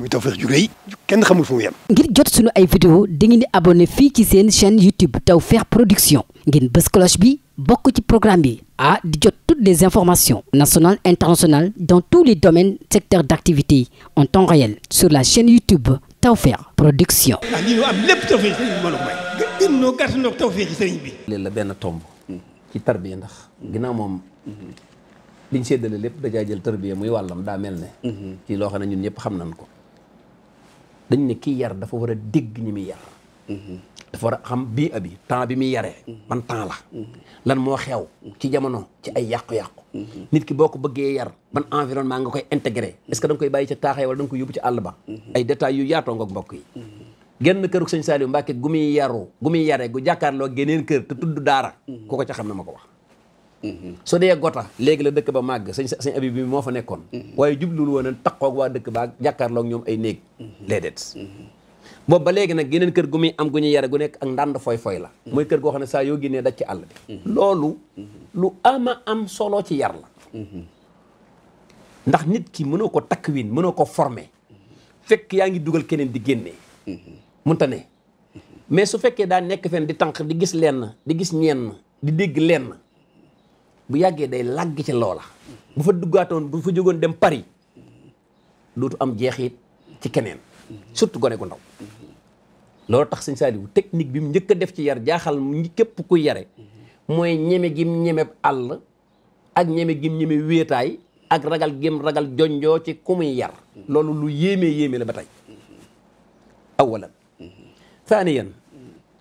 muy Tawfekh ju kenn xamul fu mu ngir jot sunu ay vidéo dangeen di abonné fii ci seen chaîne YouTube Tawfekh Production ngeen bës cloche bi bokk ci programme bi ah di jot toutes les informations nationales internationales dans tous les domaines secteurs d'activité en temps réel sur la chaîne YouTube Tawfekh Production. ah lii ñu am lépp Tawfekh sëriñ bi mbooloo mooy. gën bi. ndax ginnaaw moom. liñ séddale lépp dajaa jël tarbiya muy wàllam daa mel ne. Mhm. ci loo xam ñun ñëpp xam nañ ko. dañ ne kii yar dafa war a dégg ñi muy yar. dafa war a xam bii abi temps bi muy yaree. man temps la. lan moo xew ci jamono ci ay yàqu-yàqu. nit ki boo ko bëggee yar ban environnement nga koy intégré est-ce que da nga koy bàyyi ca taaxee wala da nga koy yóbbu ci àll ba. ay détails yu yaatoo nga mbokk yi. genn këruk sëñ Saliou Mbacke gu muy yaru gu muy yaree gu jàkkaarloo geneen kër te tudd daara. ku ca xam na ma ko wax. su dee gota léegi la dëkk ba màgg sañ sañ abi bi moo fa nekkoon waaye jubluwul woon a taqoog waa dëkk baa jàkkaarloog ñoom ay néeg léedeet boobu ba léegi nag geneen kër gu muy am gu ñu yare gu nekk ak ndànd foy foy la mooy kër goo xam ne saa yoo génnee daj ci àll bi loolu lu ama am solo ci yar la ndax nit ki mënoo ko takk takwin mënoo ko former fekk yaa ngi dugal keneen di génnee munta tane mais su fekkee daa nekk fen di tànq di gis lenn di gis ñenn di dégg lenn bu yàggee day lagg ci loola bu fa duggaatoon bu fa jógoon dem pari dootu am jeexit ci keneen surtout gone gu ndaw loolu tax sëñ Saliou technique bi mu njëkk a def ci yar jaaxal ñi képp ku yare mooy ñeme gim ñeme àll ak ñeme gim ñeme wéetaay ak ragal gim ragal jonjoo ci ku muy yar loolu lu yéeme yéeme la ba tey awalan thaniyan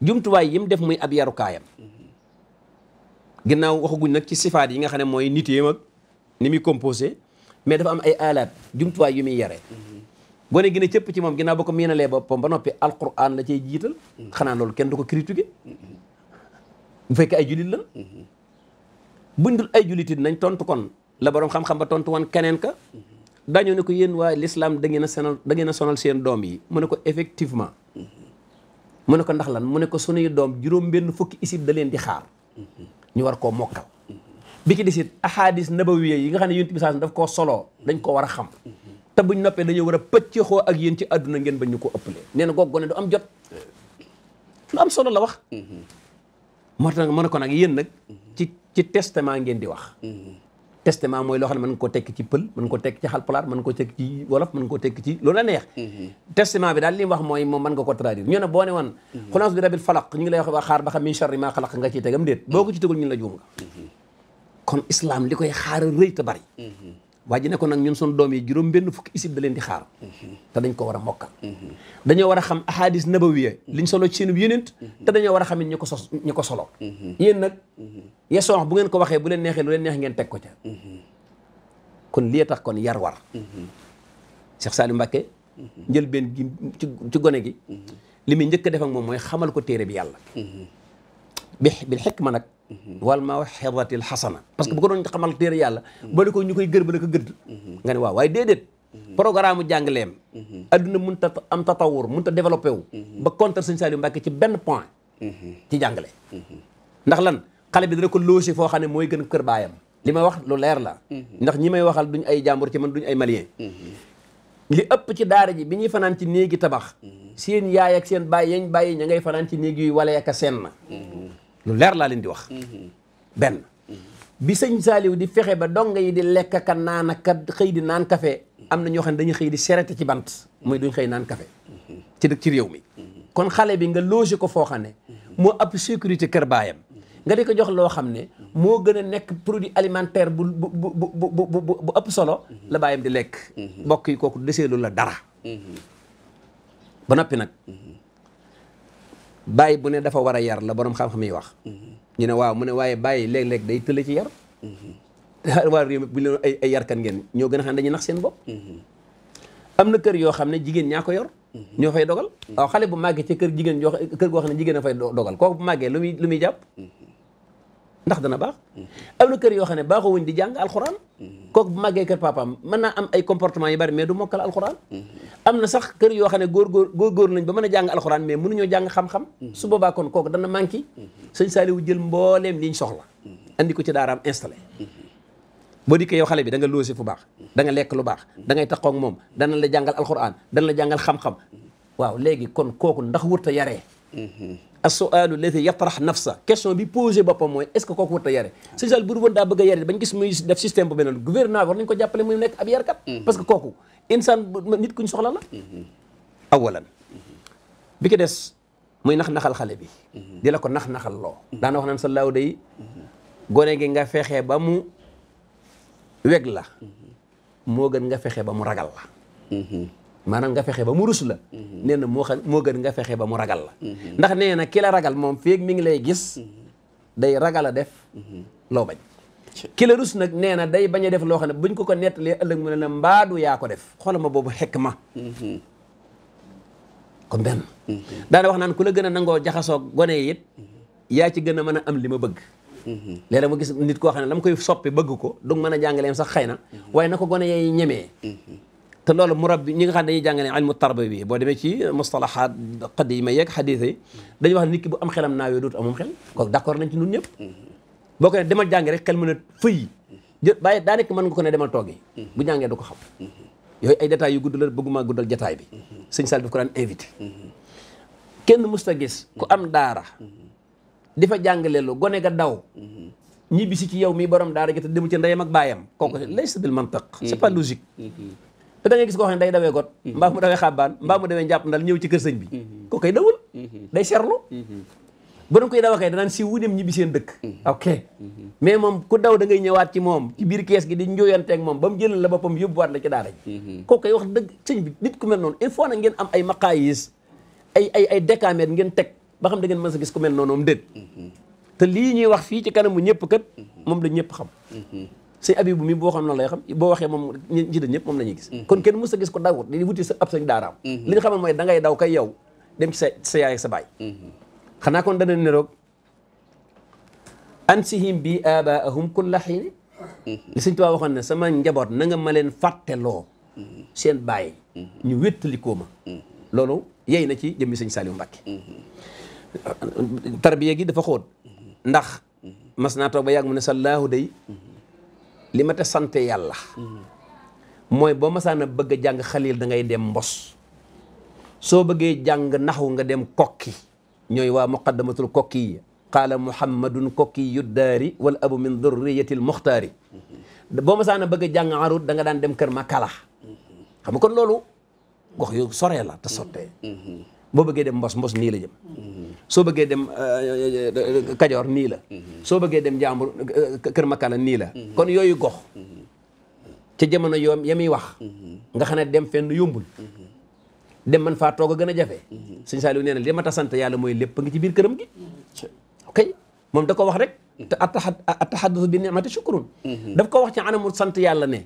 jumtuwaay yim def muy ab yarukaayam ginnaaw waxaguñ nag ci sifaat yi nga xam ne mooy nit yi mag ni muy composé mais dafa am ay alaat jumtuwaay yu muy yare mm-hmm. gone gi ne cëpp ci moom ginnaaw ba ko miinalee boppam ba noppi alquran la cay jiital mm-hmm. xanaa loolu kenn du ko critiqué mm-hmm. bu fekkee ay julit la buñ dul ay julit nañ tontu kon la borom xam-xam ba tontu woon keneen ka dañoo ne ko yéen waa l'islam da ngeen a sonal sonal seen doom yi mu ne ko effectivement mu ne ko ndax lan mu ne ko sunuy doom juróom fukki isib da leen di xaar ñu war koo mokkal bi ci desit ahadis nabawiya yi nga xam ne yonent bi daf koo solo dañ koo war a xam te buñ noppee dañoo war a pëccëxoo ak yéen ci àdduna ngeen bañ ñu ko ëppalee nee na goog gone du am jot lu am solo la wax mm-hmm. moo tax nag mën na ko nag yéen nag ci ci testament ngeen di wax mm-hmm. testament mooy loo xam ne nga ko tekki pël mën nga ko tekki ci xalpulaar mën nga ko tekki wolof mën nga ko tekki ci loolu la neex mm-hmm. bi daal li mooy moom mën nga ko traduire ñu ne boo ne woon mm-hmm. xulaas bi rabil falaq ñu ngi lay wax waa xaar ba xam min sharri maa xalaq nga ciy tegam déet boo ko ci tegul ñu la juum nga mm-hmm. kon islam li koy xaar rëy te bari waa ji ne ko nag ñun sunu doom yi juróom benn fukki isib da leen di xaar te dañ ko war a mokkal dañoo war a xam ahadis nabawiya liñ solo ci seen yénent te dañoo war a xam it ñi ko sos ñi ko solo yéen nag yeson bu ngeen ko waxee bu leen neexee lu leen ngeen teg ko ca kon lii tax kon yar war Cheikh Saliou Mbacké njël benn gi ci gone gi li muy njëkk a moom mooy xamal ko téere bi yàlla bi bil xikma nag wal mawxidatil xasana parce que bu ko doon xamal téere yàlla bali ko ñu koy gër bala ko gëdd nga ne waaw waaye déedéet programme jàngaleem adduna mun ta am tatawur mun ta développé wu ba contre sëñ Saliou Mbacke ci benn point ci jàngale ndax lan xale bi dana ko logé foo xam ne mooy gën kër baayam li ma wax lu leer la ndax ñi may waxal duñ ay jàmbur ci man duñ ay malien li ëpp ci daar ji bi ñuy fanaan ci néegi tabax seen yaay ak seen baay yañ bàyyi ña ngay fanaan ci néeg yuy wale ak seen na lu leer laa leen di wax. benn bi sëñ Saaliw di fexe ba donga yi di lekk ka naan ak xëy di naan kafe am na ñoo xam ne dañuy xëy di serete ci bant mooy duñ xëy naan kafe ci dëkk ci réew mi. kon xale bi nga loger ko foo xam ne moo ëpp sécurité kër baayam nga di ko jox loo xam ne moo gën a nekk produit alimentaire bu bu bu bu bu bu ëpp solo la baayam di lekk. mbokk yi kooku deseelu la dara. ba noppi nag. bàyyi bu ne dafa war a yar la boroom xam-xam yi wax. ñu ne waaw mu ne waaye bàyyi léeg-léeg day tële ci yar. waa réew mi bu ñu ay ay yarkan ngeen ñoo gën a xam dañuy nax seen bopp. am na kër yoo xam ne jigéen ñaa ko yor. ñoo fay dogal. waaw xale bu màggee ci kër jigéen yoo kër goo xam ne jigéen a fay dogal ko bu màggee lu muy lu muy jàpp. ndax dana baax am na kër yoo xam ne baaxoo wuñ di jàng alxuraan kooku bu màggee kër papaam mën naa am ay comportement yu bari mais du mokkal alxuraan am na sax kër yoo xam ne góor góor góor góor nañ ba mën a jàng alxuraan mais mënuñoo jàng xam-xam su boobaa kon kooku dana manqué sëñ Saliou jël mbooleem liñ soxla andi ko ci daaraam installé boo dikkee yow xale bi da nga loosi fu baax da nga lekk lu baax da ngay taxaw ak moom dana la jàngal alxuraan dana la jàngal xam waaw léegi kon kooku ndax wurta yare as-su'aalu alladi yatrax nafsa question bi posé boppam mooy est ce que kooku warut a yare Sëñ Saaliw bu dul woon daa bëgg a yare bañ gis muy def système bu mel noonu bi war nañu mm-hmm. parce que kooku insaan nit kuñ soxla la mm-hmm. awalan mm-hmm. bi ko des muy nax-naxal xale bi di la ko nax-naxal loo daana wax naan sa laaw day gone gi nga fexe ba mu weg la moo gën nga fexe ba mu ragal la maanaam nga fexe ba mu rus la mhm. nee na moo xam moo gën nga fexe ba mu ragal la mhm. ndax nee na ki ragal moom feeg mi ngi lay gis mhm. day ragal a def loo bañ ki rus nag nee na day bañ a def loo xam ne buñ ko ko nettalee ëllëg mu ne la mbaadu yaa def xoolal ma boobu xekk ma kon benn daana ku la gën a nangoo jaxasoo gone yi it yaa ci gën a mën a am li ma bëgg léeg-léeg mu gis nit koo xam ne la koy soppi bëgg ko du mën a jàngaleem sax xay na waaye na ko gone yee ñemee te loolu murabbi ñi nga xam ne dañuy jàngale ilmu tarbiya bi boo demee ci mustalahaat qadiima yeeg xadiis yi dañuy wax ne bu am xelam naawee dootu amum xel kooku d'accord nañ ci ñun ñëpp boo ko ne demal jàngi rek xel mën a fëy jë bàyyi daa nekk mën nga ko ne demal toogi bu jàngee du ko xam yooyu ay détails yu gudd la bëgguma guddal jataay bi sëñ Sall daf ko daan invité kenn musta gis ku am daara di fa jàngale lu gone ga daw ñibbisi ci yow mii borom daara gi te demu ci ndeyam ak baayam kooku laysa bil mantiq c'est pas logique te gis ko xam ne day dawee got mhm. mbaa mu dawee xàbbaan mbaa mu dawee njàpp ndal ñëw ci kër sëñ bi ko mhm. koy dawul mhm. day serlu bu doon koy daw kay danaan si wu dem ñibbi seen dëkk ok mais moom ku daw da ngay ñëwaat ci moom biir kees gi di njóoyante moom ba mu jëlal la boppam yóbbuwaat la ci daara ji kooku koy wax dëgg sëñ bi nit ku mel noonu il faut ngeen am ay maqaayis ay ay ay décamètre ngeen teg ba xam da ngeen mën sa gis ku mel noonu moom déet te lii ñuy wax fii ci kanam kanamu ñëpp kat moom la ñëpp xam sëñ Abibu mi boo xam noonu lay xam boo waxee moom ñi dañ ñëpp moom la ñuy gis mm-hmm. kon kenn mu sa gis ko dawut di wuti sa ab mm-hmm. li ñu mooy da ngay daw kay yow dem sa sa yaay sa baay mm-hmm. kon dana ne roog ansihim bi abaahum kulla xiini sëñ Tuubaa waxoon sama njaboot na nga ma leen fàtteloo seen baay ñu wéttalikoo ma loolu yey na ci jëmmi sëñ Saliou Mbacke tarbiya gi dafa xóot ndax mas naa toog ba yàgg mu ne sa laahu day li ma te sant yàlla mooy boo masaana bëgg a jàng xalil dangay dem mbos soo bëggee jàng naxu nga dem kokki ñooy waa muqaddamatul kokki yi qaala muhammadun kokki yu daari wal abu min durriyatil muxtaari boo masaana bëgg a jàng arut da daan dem kër ma kala xam nga loolu gox yu soree te sottee boo bëggee dem mbos mbos nii la jëm soo bëggee dem euh, euh, euh, kajoor nii la soo bëggee dem jàmbur kër makkaana nii la kon yooyu gox ca jamono yoom ya muy wax nga xam ne dem fenn yombul dem man faa toog a gën a jafe sëñ Saliou nee na li ma ta sant yàlla mooy lépp ngi ci biir këram gi ok moom da ko wax rek te attaxaddus bi ni'mati shukrun daf ko wax ci anamul sant yàlla ne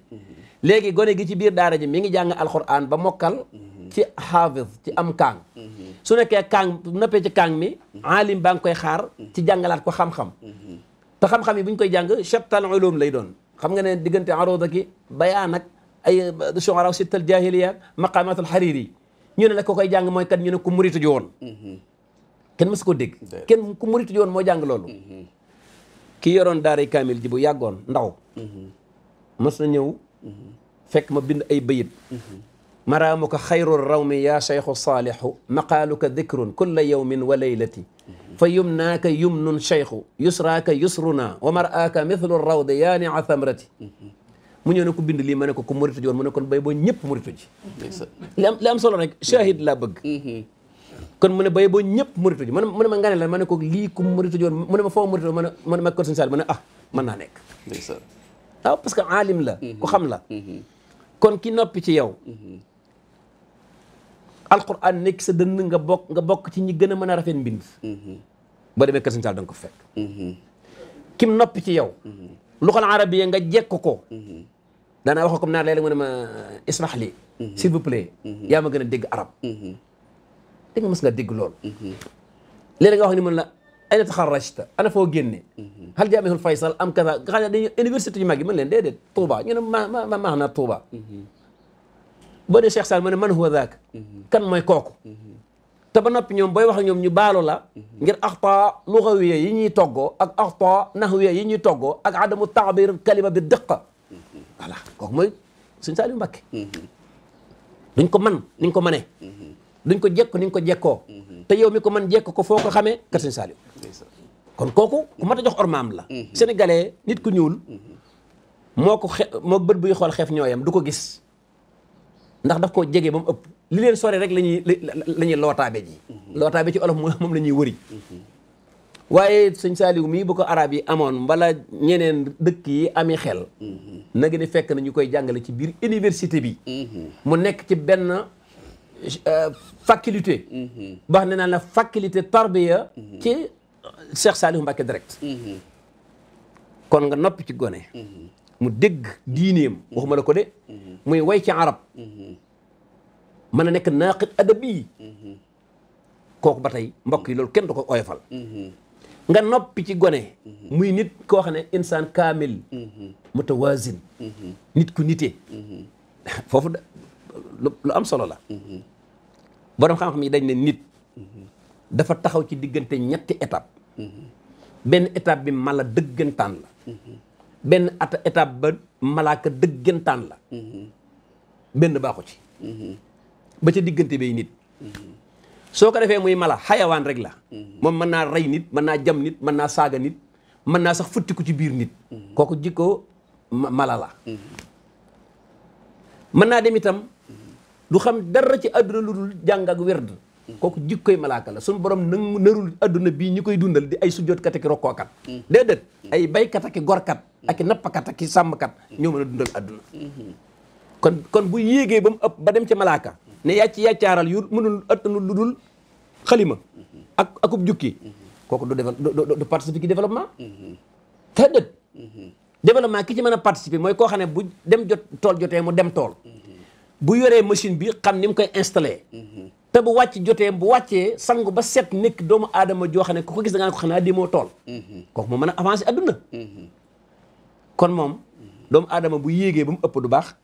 léegi gone gi ci biir daara ji mi ngi jàng alxuraan ba mokkal ci xaafis ci am kaang mhm. su nekkee kaang noppee ci kaang mi mhm. aalim baa ngi koy xaar mhm. ci jàngalaat ko xam-xam te xam-xam yi bu ñu koy jàng chattal ulum lay doon xam nga ne diggante aroda ki bayaan ak ay shu'ara sittal jahiliya maqamatul hariri ñu ne la ko koy jàng mooy kat ñu ne ku muritu ji woon kenn mësu ko dégg kenn ku muritu ji woon moo jàng loolu ki yoroon daaray kaamil ji bu yàggoon ndaw mës na ñëw fekk ma bind ay bayit maraamuka xayru rawmi yaa cheikhu saalixu maqaaluka dikrun kulla yawmin wa laylati fa yumnaaka yumnun cheikhu yusraaka yusruna wa maraaka mithlu rawde yaania thamrati mu ñëw ne ko bind lii ma ne ko ku muritu ji woon mu ne kon béy boo ñëpp muritu ji li am li am solo rek shahid laa bëgg kon mu ne béy boo ñëpp muritu ji mu ne ma nga ne la ma ne ko lii ku muritu ji woon mu ne ma foo muritu ma ne ma ne ma kon suñu saal ma ne ah mën naa nekk ah parce que aalim la ku xam la kon ki noppi ci yow alquran nekk sa dënn nga bokk nga bokk ci ñi gën a mën a rafet mbind mm-hmm. boo demee kër Sëñ Saaliw da nga ko fekk mm-hmm. kim nopp ci yow mm-hmm. luxal arabiya nga jekk ko daanaa wax ko comme naar léeg-léeg mu ne ma ismax li s'il vous plaît yaa gën a dégg arab dégg nga mës nga dégg loolu léeg nga wax ni mën la ayna taxarrajta ana foo génne hal jaamihul faysal am kaza nga xam ne dañu université yu mag yi mën leen déedéet Touba ñu ne ma ma maax naa Touba boo ne Cheikh Sall ma ne man huwa zaak mhm. kan mooy kooku mhm. te ba noppi ñoom booy wax ñoom ñu baalu la mhm. ngir axta lugawiya yi ñuy toggoo ak axta nahwiya yi ñuy toggoo ak adamu taabir kalima bi diqa voilà kooku mooy Sëñ Saliou Mbacké duñ ko man ni nga ko mënee duñ ko jekk ni ko jekkoo te yow mi ko man jekk ko foo ko xamee kat Sëñ kon kooku ku mat a jox ormaam la sénégalais nit ku ñuul moo ko xe moo bët buy xool xeef ñooyam du ko gis ndax daf koo jege ba ëpp li leen sore rek la ñuy la lootaabe ji mhm. lootaabe ci olof moom la ñuy wëri mhm. waaye sëñ Saaliw mii bu ko arab yi amoon mbala ñeneen dëkk yi ami xel mhm. na gën fekk nañu koy jàngale ci biir université bi mu nekk ci benn euh, faculté wax ne naa la faculté tarbiya ci Cheikh Saaliw Mbàkke direct kon nga noppi ci gone mu dégg diineem waxuma la ko de muy way ci arab mën nekk naaqid adab kooku ba tey mbokk yi loolu kenn du ko oyofal nga noppi ci gone muy nit koo xam ne insaan kaamil mutawazin nit ku nite foofu lu am solo la borom xam-xam yi dañ ne nit dafa taxaw ci diggante ñetti étape benn étape bi mala dëggantaan la benn at étape ba malaaka dëggantaan la mhm. benn baaxu ci mhm. ba ca diggante bay nit mhm. soo ko defee muy mala xayawaan rek la moom mën naa rey nit mën naa jam nit mën naa saaga nit mën naa sax futti ko ci biir nit kooku jikko mala la mën naa dem itam lu xam dara ci àdduna lu dul jàng ak werd kooku jikkoy malaaka la suñu borom nangu narul adduna bii ñi koy dundal di ay sujjootkati ki rokkookat mm. déedéet ay mm. baykat ak i gorkat ak i nappkat ak i sàmmkat mm. ñoo mën a dundal adduna mm-hmm. kon kon bu yéegee ba mu ëpp ba dem ci malaaka ne yàcc yàccaaral yu mënul attanul lu dul xalima mm-hmm. ak akub jukki mm-hmm. kooku du defal du participer ci développement déedéet développement ki ci mën a participer mooy koo xam ne bu dem jot tool jotee mu dem tool bu yoree machine bii xam ni mu koy installé te bu wàcc jotee bu wàccee sangu ba set nekk doomu aadama joo xam ne ku ko gis ko xanaa demoo tool. kooku moo mën a avancer adduna. moom doomu aadama bu yéegee ba mu ëpp du baax.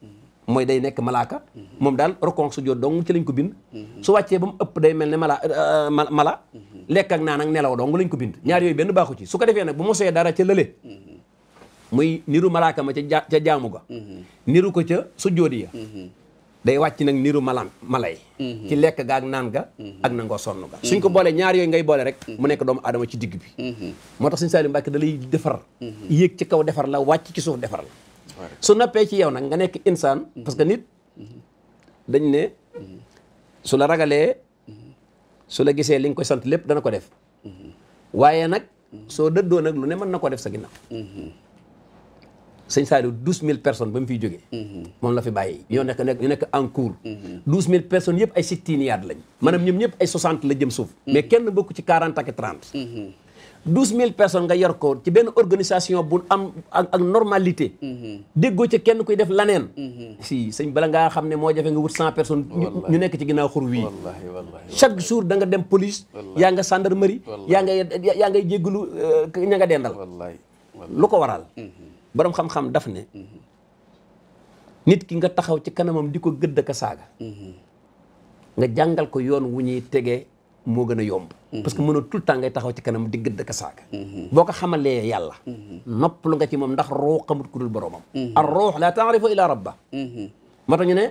mooy day nekk malaaka. moom daal rokon su jot ci lañ ko bind. su wàccee ba mu ëpp day mel ne mala euh, mala. lekk ak naan nelaw dong lañ ko bind. ñaar yooyu benn baaxu ci su ko defee nag bu mosee dara ca lële. muy niru malaaka ma ca jaamu ga. niru ko ca su joodi ya day wàcc nag niru malan mala yi mhm. lekk ga ak naan ga mhm. ak nangoo sonn ga mhm. suñ ko boolee ñaar yooyu ngay boole rek mu nekk doomu aadama ci digg bi moo tax suñ Saliou Mbacke da lay defar yéeg ci kaw defar la wàcc ci suuf defar la su nappee ci yow nag nga nekk insaan parce que nit dañ ne su la ragalee su la gisee li nga koy sant lépp dana ko def waaye nag soo dëddoo nag lu ne mën na koo def sa ginnaaw sëñ Saliou douze mille personnes ba mu fiy jógee mm-hmm. moom la fi bàyyi ñoo nekk nekk ñu nekk en cours mm-hmm. douze mille personnes yëpp ay sittiniyaat lañ maanaam ñoom ñëpp ay soixante la jëm suuf mm-hmm. mais kenn bokku ci quarante ak trente douze mille personnes nga yor ko ci benn organisation bu am ak normalité déggoo ci kenn kuy def laneen si sëñ bala ngaa xam ne moo jafe nga wut cent personnes ñu nekk ci ginnaaw xur wii chaque jour da nga dem police yaa nga gendarmerie yaa nga yaa ngay jéggalu euh, ña nga dendal lu ko waral boroom xam-xam daf ne nit ki nga taxaw ci kanamam di ko gëdd ka saaga nga jàngal ko yoon wu ñuy tegee moo gën a yomb parce que mënoo tout le temps ngay taxaw ci kanam di gëdd ka saaga boo ko xamalee yàlla noppalu nga ci moom ndax ruux xamut ku dul boroomam ar ruux la taarifu ila rabba moo tax ñu ne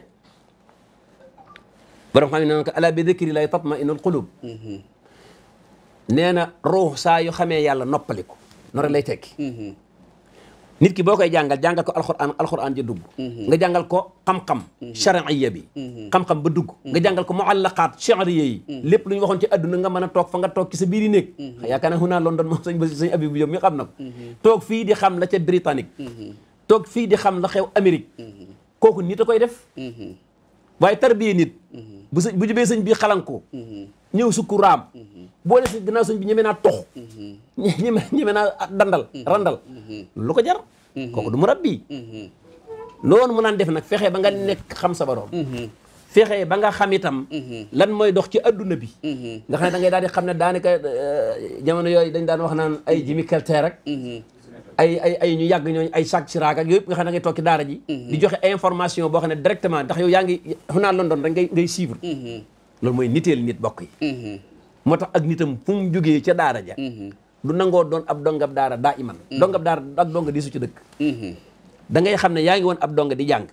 borom xam ne naan ko ala bi dikri lay ma innul qulub nee na ruux saa yu xamee yàlla noppaliku noonu lay tekki nit ki boo koy jàngal jàngal ko alxuraan alxuraan ja dugg mhm. nga jàngal ko xam-xam charia mhm. bi mhm. xam-xam ba dugg nga jàngal ko mu muallaqaat charia yi lépp lu ñu waxoon ci àdduna nga mën a toog fa nga toog ci sa biiri néeg yaakaar naa xunaa London moom sañ ba sañ abi bu yom mi xam na toog fii di xam la ca Britannique toog fii di xam la xew Amérique kooku nit a koy def waaye tarbiye nit bu jubee sëñ bi xalan ko ñëw sukku raam boole si gannaaw sëñ bi ñeme naa tox mhm. ñeme ñeme naa dandal mhm. randal mhm. lu ko jar kooku du mu rabbi loolu mu naan def nag fexe ba nga nekk xam sa borom fexe ba nga xam itam lan mooy dox ci adduna bi nga xam ne da ngay daal di xam ne daanaka euh, jamono yooyu dañ daan wax naan ay jimi kelteer ak ay ay ay ñu yàgg ñooñu ay sàcc ci raak ak yooyu yëpp nga xam ne da ngay daara ji di joxe information boo xam ne directement ndax yow yaa ngi naa London rek ngay ngay suivre loolu mooy niteel nit bokk yi moo tax ak nitam fu mu jógee ca daara ja mhm. du nangoo doon ab donga daara daa iman mhm. dongab daara ak donga di su ci dëkk mhm. dangay xam ne yaa ngi woon ab donga di jàng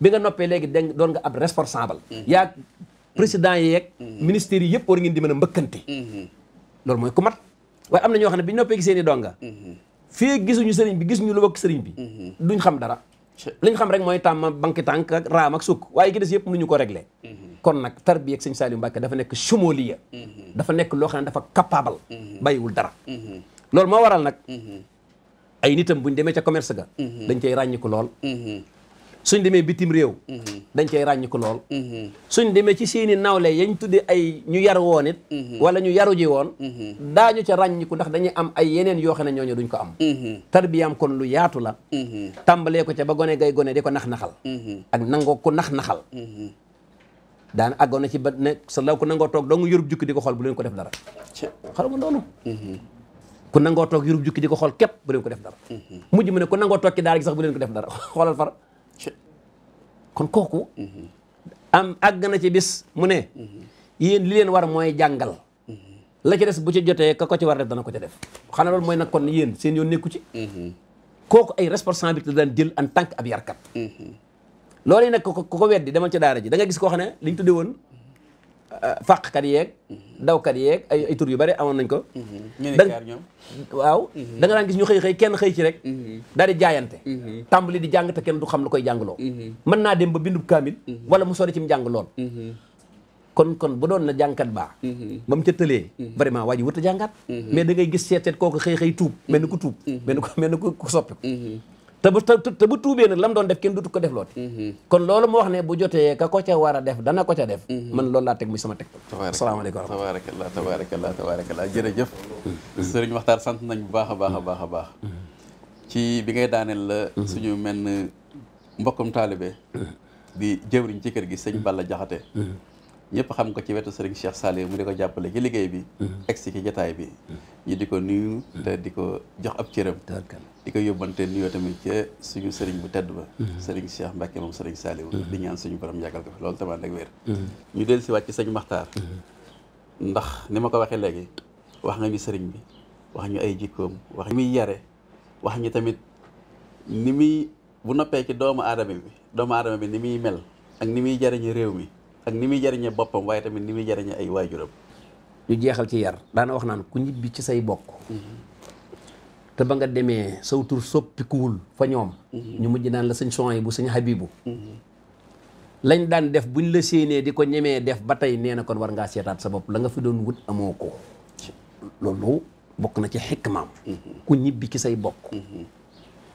bi nga noppee léegi dégg doon nga ab responsable yaa président yi yeeg ministères yëpp war ngeen di mën a mbëkkante loolu mooy ku mat waaye am na ñoo xam ne bi noppee gisee ni donga fii gisuñu sëriñ bi gisuñu lu bokk sëriñ bi duñ xam dara liñ xam rek mooy tàmm banque tànk ak raam ak sukk waaye ki des yëpp mënuñu ko réglé kon nag tarbiya ak sëñ Saliou Mbacke dafa nekk chumoliya dafa nekk loo xam ne dafa capable bàyyiwul dara loolu moo waral nag ay nitam buñ demee ca commerce ga dañ cay ràññi ko lool suñ demee bitim réew dañ cay ràññi lool suñ demee ci seeni nawle yañ tudde ay ñu yar woon it wala ñu yaru ji woon daañu ca ràññiku ndax dañuy am ay yeneen yoo xam ne ñooñu duñ ko am tarbiyaam kon lu yaatu la tàmbalee ko ca ba gone gay gone de ko nax-naxal ak nangoo ko nax-naxal daan àggoon na ci ba ne sa law ku nangoo toog dong yurub jukki di ko xool bu leen ko def dara xaru ma loolu ku nangoo toog yurub jukki di ko xool képp bu ko def dara mujj mu ne ku nangoo toog ci daara sax bu leen ko def dara xoolal far kon kooku am agg na ci bis mu ne yéen li leen war mooy jàngal la ci des bu ci jotee ka ko ci war def dana ko ca def xanaa loolu mooy nag kon yéen seen yoon nekku ci mhm. kooku ay responsabilité daan jël en tant que ab yarkat loolu nag ku ko weddi demal ca daara ji da nga gis koo xam ne li ñu tudde woon euh, fàqkat yeeg dawkat yeeg ay ay tur yu bari amoon nañ ko mhm. mhm. da waaw danga nga gis ñu xëy xëy kenn xëy ci rek mhm. daal di jaayante tàmbali di jàng te kenn du xam lu koy jàngloo mën naa dem ba bindub kaamil wala mu sori ci mu jàng lool kon kon bu doon na jàngkat baa ba mu ca tëlee vraiment waa ji wut a jàngaat mais da ngay gis seet seet kooku xëy xëy tuub mel ni ku tuub mel ni ku mel ni ku soppi ko te bu te tuubee nag lam doon def kenn dutu ko def looti mm-hmm. kon loolu mu wax ne bu jotee ka ko war a def dana ko def mm-hmm. man loolu laa teg muy sama teg asalaamaaleykum tabarakallah tabarakallah tabarakallah jërëjëf sëriñ Maxtaar sant nañ bu baax a baax a baax a baax mm-hmm. ci bi ngay daaneel la suñu mel mbokkum taalibe di jëwriñ ci kër gi sëñ Balla Jaxate ñëpp xam ko ci wetu sëriñ Cheikh Saliou mu di ko jàppale ci liggéey bi mhm. egg si ci jataay bi mhm. ñu di ko nuyu mhm. te di ko jox ab cëram di ko yóbbante yoo tamit ca suñu sëriñ bu tedd ba sëriñ Cheikh Mbacke moom sëriñ Saliou di ñaan suñu borom yàggal ko fi loolu tamit ak wér ñu del si wàcc sëñ Maxtaar ndax ni ma ko waxee léegi wax nga ñu sëriñ bi wax ñu ay jikkoom wax muy yare wax ñu tamit ni muy bu noppee ci doomu aadama bi doomu aadama bi ni muy mel ak ni muy jariñu réew mi ak ni muy jariñee boppam waaye tamit ni muy jariñee ay waajuram ñu jeexal ci yar daana wax naan ku ñibbi ci say bokk te ba nga demee saw tur soppikuwul ñu mujj naan la sëñ son yi bu sëñ Habibu lañ daan def buñ la séenee di ko ñemee def ba tey nee kon war ngaa seetaat sa bopp la nga fi doon wut amoo ko loolu bokk na ci xikmaam ku ñibbi ci say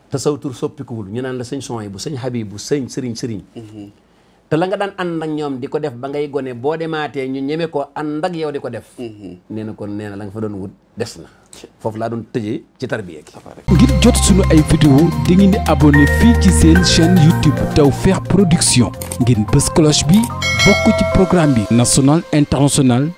te saw tur ñu naan la sëñ son yi bu sëñ sëriñ sëriñ te la nga daan ànd nag ñoom di ko def ba ngay gone boo demaatee ñu ñeme ko ànd ak yow di ko def mhm. nee na kon nee na la nga fa doon wut des na foofu laa doon tëje ci tarbiya gi ngir jot suñu ay vidéo di ngeen di abonné fii ci seen chaîne YouTube Tawfekh Production ngeen bës cloche bi bokk ci programme bi national international